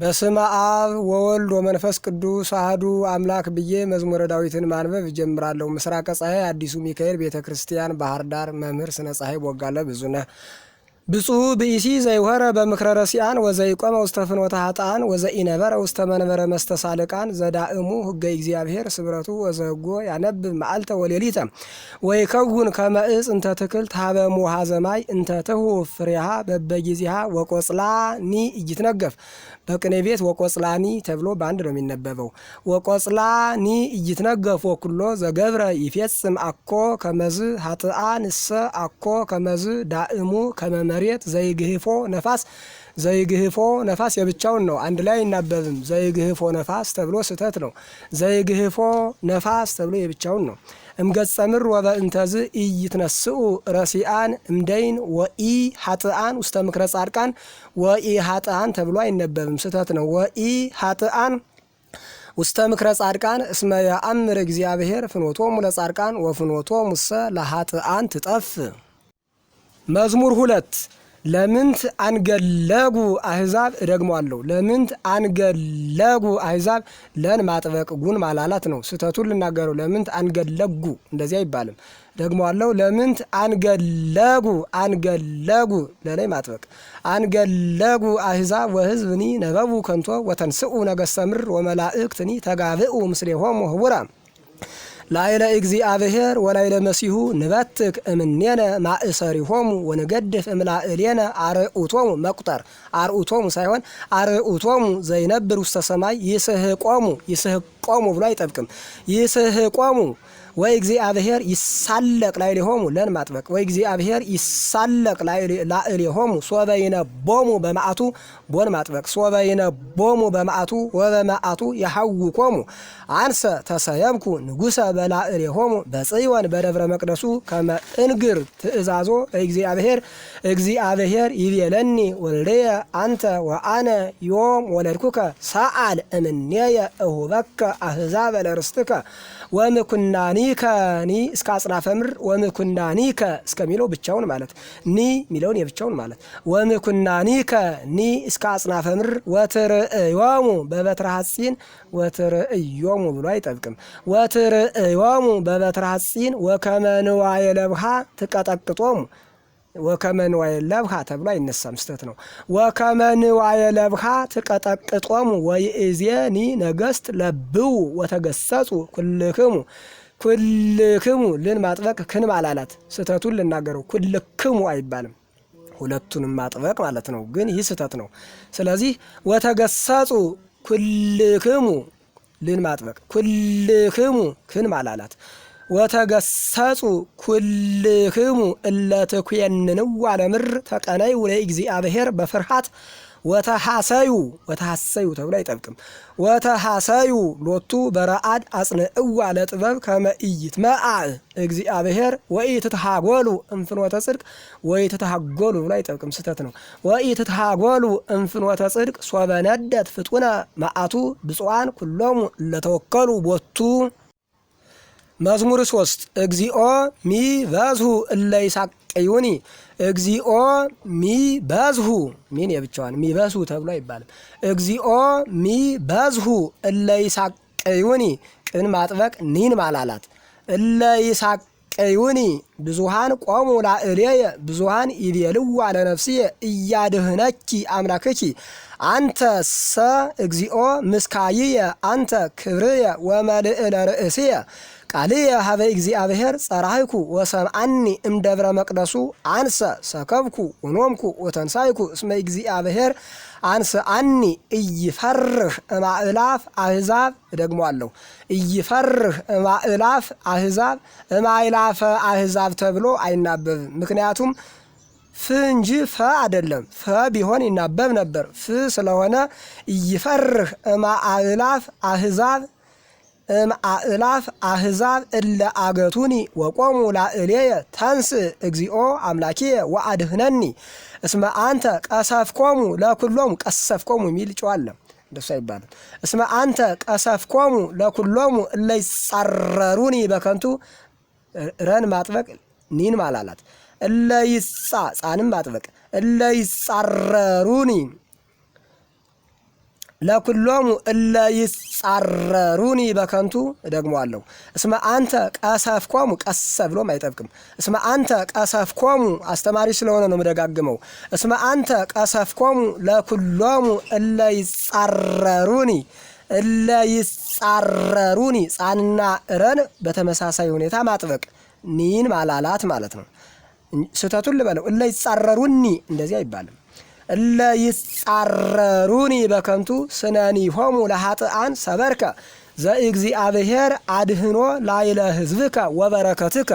በስመ አብ ወወልድ ወመንፈስ ቅዱስ አህዱ አምላክ ብዬ መዝሙረ ዳዊትን ማንበብ እጀምራለሁ። ምስራቀ ፀሐይ አዲሱ ሚካኤል ቤተ ክርስቲያን ባህር ዳር። መምህር ስነ ፀሐይ ቦጋለ ብዙነህ ብፁዕ ብእሲ ዘይወረ በምክረ ረሲአን ወዘይቆመ ውስተ ፍኖተ ኃጥአን ወዘኢነበረ ውስተ መንበረ መስተሳልቃን ዘዳእሙ ሕገ እግዚአብሔር ስብረቱ ወዘጎ ያነብብ መዓልተ ወሌሊተ ወይከውን ከመ ዕፅ እንተ ትክልት ሀበ ሙሃ ዘማይ እንተ ትሁብ ፍሬሃ በበጊዜሃ ወቆጽላኒ እይትነገፍ በቅኔ ቤት ወቆጽላኒ ተብሎ በአንድ ነው የሚነበበው። ወቆጽላኒ እይትነገፍ ወኩሎ ዘገብረ ይፌጽም አኮ ከመዝ ኃጥአን ንሰ አኮ ከመዝ ዳእሙ ከመመ መሬት ዘይግህፎ ነፋስ ዘይግህፎ ነፋስ የብቻውን ነው፣ አንድ ላይ አይናበብም። ዘይግህፎ ነፋስ ተብሎ ስህተት ነው። ዘይግህፎ ነፋስ ተብሎ የብቻውን ነው። እምገጸ ምር ወበእንተዝ ኢይትነስኡ ረሲአን እምደይን ወኢ ሀጥአን ውስተ ምክረ ጻድቃን ወኢ ሀጥአን ተብሎ አይነበብም፣ ስህተት ነው። ወኢ ሀጥአን ውስተ ምክረ ጻድቃን እስመ ያአምር እግዚአብሔር ፍኖቶሙ ለጻድቃን ወፍኖቶሙ ለሀጥአን ትጠፍ መዝሙር ሁለት ለምንት አንገለጉ አህዛብ እደግመዋለሁ። ለምንት አንገለጉ አህዛብ ለን ማጥበቅ ጉን ማላላት ነው። ስህተቱን ልናገረው። ለምንት አንገለጉ እንደዚህ አይባልም። እደግመዋለሁ። ለምንት አንገለጉ አንገለጉ ለላይ ማጥበቅ አንገለጉ አህዛብ ወህዝብኒ ነበቡ ከንቶ ወተንስኡ ነገሥተ ምድር ወመላእክትኒ ተጋብኡ ምስሌሆሙ ህቡራም ላይለ እግዚአብሔር ወላይለ መሲሁ ንበትክ እምኔነ ማእሰሪሆሙ ወንገድፍ እምላእሌነ አርዑቶሙ መቁጠር አርዑቶሙ ሳይሆን አርዑቶሙ ዘይነብር ውስተ ሰማይ ይስህቆሙ ይስህቆሙ ብሎ አይጠብቅም። ይስህቆሙ ወይ እግዚአብሔር ይሳለቅ ላዕሌሆሙ ለን ማጥበቅ ወይ እግዚአብሔር ይሳለቅ ላዕሌሆሙ ሶበ ይነቦሙ በማዕቱ ቦን ማጥበቅ ሶበ ይነቦሙ በማዕቱ ወበማዕቱ የሐውኮሙ አንሰ ተሰየምኩ ንጉሰ በላዕሌሆሙ በጽዮን በደብረ መቅደሱ ከመ እንግር ትእዛዞ እግዚአብሔር እግዚአብሔር ይቤለኒ ወልደየ አንተ ወአነ ዮም ወለድኩከ ሰአል እምኔየ እሁበከ አህዛበ ለርስትከ ወምኩናኒከ ኒ እስከ አጽናፈ ምር ወምኩናኒከ እስከሚለው ብቻውን ማለት ኒ የሚለውን የብቻውን ማለት ወምኩናኒከ ኒ እስከ አጽናፈ ምር ወትርእዮሙ በበትረ ሐጺን ወትርእዮሙ ብሎ አይጠብቅም። ወትርእዮሙ በበትረ ሐጺን ወከመ ንዋየ ትቀጠቅጦሙ ወከመን ዋየ ለብሃ ተብሎ አይነሳም፣ ስተት ነው። ወከመንዋየ ለብሃ ትቀጠቅጦሙ ወይእዜኒ ነገስት ለብው ወተገሰጹ ኩልክሙ ኩልክሙ ልን ማጥበቅ ክን ማላላት ስተቱን ልናገረው ኩልክሙ አይባልም፣ ሁለቱንም ማጥበቅ ማለት ነው። ግን ይህ ስተት ነው። ስለዚህ ወተገሰጹ ኩልክሙ ልን ማጥበቅ ኩልክሙ ክን ማላላት ወተገሰጹ ኩልክሙ እለ ትኩየንንው አለምር ተቀነዩ ለእግዚአብሔር በፍርሃት ወተሐሰዩ ወተሐሰዩ ተብሎ አይጠብቅም። ወተሐሰዩ ሎቱ በረአድ አጽንዕዋ ለጥበብ ከመእይት መአዕ እግዚአብሔር ወይ ትትሃጎሉ እንፍኖተ ጽድቅ ወይ ትትሃጎሉ ብሎ አይጠብቅም፣ ስህተት ነው። ወይ ትትሃጎሉ እንፍኖተ ጽድቅ ሶበነደት ፍጡነ መዓቱ ብፁዓን ኩሎሙ ለተወከሉ ቦቱ መዝሙር ሶስት እግዚኦ ሚ በዝሁ እለ ይሳቅዩኒ እግዚኦ ሚ በዝሁ ሚን የብቻዋን በዝሁ ተብሎ አይባልም። እግዚኦ ሚ በዝሁ እለ ይሳቅዩኒ ቅን ማጥበቅ ኒን ማላላት እለ ይሳቅዩኒ ብዙሃን ቆሙ ላዕሌየ ብዙሃን ይቤልዋ ለነፍስየ እያድህነኪ አምላክኪ አንተ ሰ እግዚኦ ምስካይየ አንተ ክብርየ ወመልእ ለርእስየ ቃል የሀበ እግዚአብሔር ጸራይኩ ወሰብአኒ እምደብረ መቅደሱ አንሰ ሰከብኩ ወኖምኩ ወተንሳይኩ እስመ እግዚአብሔር አንሰ አኒ እይፈርህ እማእላፍ አህዛብ አለው እይፈርህ እማእላፍ አህዛብ እማይላፈ አህዛብ ተብሎ አይናበብም። ምክንያቱም ፍ እንጂ ፈ አይደለም። ፈ ቢሆን ይናበብ ነበር። ፍ ስለሆነ እይፈርህ እማእላፍ አህዛብ እም አእላፍ አህዛብ እለ አገቱኒ ወቆሙ ላዕሌየ ተንስ እግዚኦ አምላኪየ ወአድህነኒ እስመ አንተ ቀሰፍኮሙ ለኩሎሙ ቀሰፍኮሙ የሚል ጨዋለ እንደሱ አይባልም። እስመ አንተ ቀሰፍኮሙ ለኩሎሙ እለይጻረሩኒ በከንቱ ረን ማጥበቅ ኒን ማላላት እለይጻ ጻንም ማጥበቅ እለይጻረሩኒ ለኩሎሙ እለ ይጻረሩኒ በከንቱ እደግመዋለሁ። እስመ አንተ ቀሰፍኮሙ ቀሰ ብሎም አይጠብቅም። እስመ አንተ ቀሰፍኮሙ አስተማሪ ስለሆነ ነው የምደጋግመው። እስመ አንተ ቀሰፍኮሙ ለኩሎሙ እለ ይጻረሩኒ እለ ይጻረሩኒ ጻንና እረን በተመሳሳይ ሁኔታ ማጥበቅ ኒን ማላላት ማለት ነው። ስህተቱን ልበለው እለ ይጻረሩኒ እንደዚህ አይባልም። እለ ይጻረሩኒ በከንቱ ስነኒ ሆሙ ለኃጥአን ሰበርከ ዘእግዚአብሔር አድህኖ ላይለ ሕዝብከ ወበረከትከ